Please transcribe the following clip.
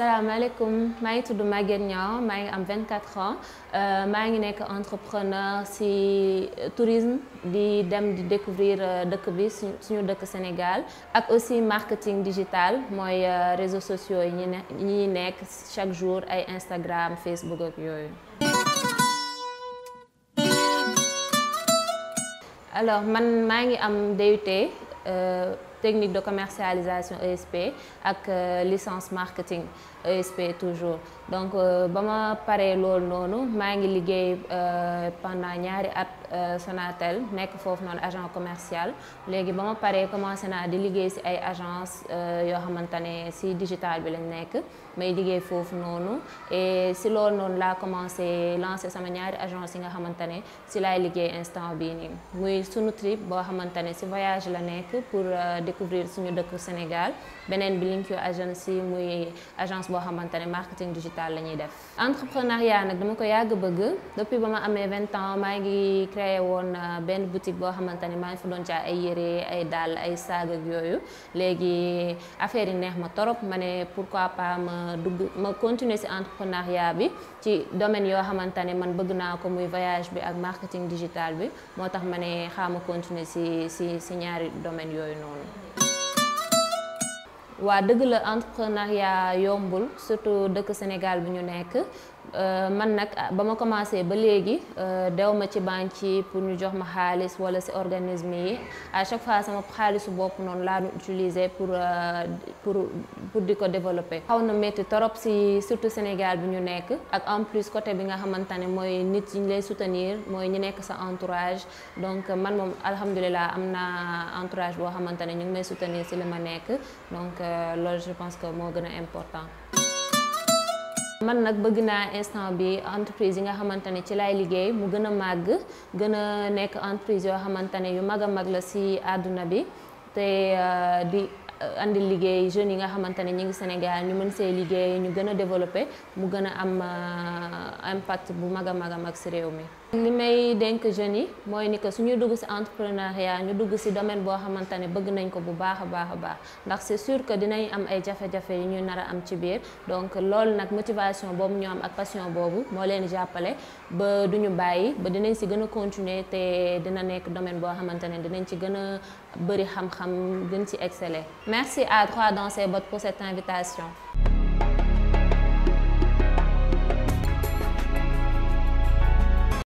salaamaaleykum maa ngi tudd màgget Niang maa ngi am 24 ans maa ngi nekk entrepreneur ci tourisme di dem di découvrir eh, dëkk bi suñu dëkk Sénégal ak aussi marketing digital mooy eh, réseaux sociaux yi ñi nekk chaque jour ay Instagram Facebook ak yooyu. alors man maa ngi am DUT. Eh, technique de commercialisation ESP ak euh, licence marketing ESP toujours donc euh, ba ma paree loolu noonu maa ngi liggéey euh, pendant ñaari at Sonatel nekk foofu noonu agent commercial léegi ba ma paree commencé naa di liggéey si ay agence yoo xamante ne ci digital bi lañ nekk may liggéey foofu noonu et ci loolu noonu laa commencé lancé sama ñaari agence yi nga xamante ne ci laay liggéey instant bii nii muy sunu trip boo xamante ne voyage la nekk pour découvrir suñu dëkku Sénégal beneen bi Link You Agency muy agence boo xamante ne marketing digital la ñuy def. entrepreneuriat nag dama ko yàgg bëgg depuis ba ma amee vingt ans maa ngi créé woon na euh, benn boutique boo xamante ne maa ngi fa doon jaay ay yére ay dàll ay saag yooyu léegi affaire yi neex ma torop ma ne pourquoi pas ma dugg ma continuer ci entrepreneuriat bi ci domaine yoo xamante ne man bëgg naa ko muy voyage bi ak marketing digital bi moo tax ma ne xaama continuer ci ci ci ñaari domaine yooyu noonu waa dëgg la ya yombul surtout dëkk Sénégal bi ñu nekk Euh, man nag ah, ba ma commencé ba léegi euh, dew ma ci banque yi pour ñu jox ma xaalis wala si organisme yi à chaque fois sama xaalisu bopp noonu laa utiliser pour euh, pour pour di ko développer. xaw na métti torop si surtout Sénégal bi ñu nekk ak en plus côté bi nga xamante ne mooy nit ñi lay soutenir mooy ñu nekk sa entourage donc man moom alhamdulilah am na entourage boo xamante ne ñu ngi may soutenir si la ma nekk donc loolu je pense que moo gën a important. man nag bëgg naa instant bi entreprise yi nga xamante ne ci lay liggéey mu gën a màgg gën a nekk entreprise yoo xamante ne yu mag a mag la si àdduna bi te euh, di Euh, andi liggéey jeunes yi xamante ne ñu ngi Sénégal ñu mën see liggéey ñu gën a développé mu gën a am euh, impact bu mag a mag a mag si réew mi. li may dénk jeunes yi mooy ni que suñuy dugg si entrepreneuriat ñu dugg si domaine boo xamante ne bëgg nañ ko bu baax a baax baax ndax c'est sur que dinañ am ay jafe-jafe yi ñu nar a am ci biir donc loolu nag motivation boobu ñu am ak passion boobu moo leen jàppale ba du ñu bàyyi ba dinañ si gën a continuer te dina nekk domaine boo xamante ne dinañ ci gën a bëri xam-xam gën ci Merci à Trois dans ses bottes pour cette invitation.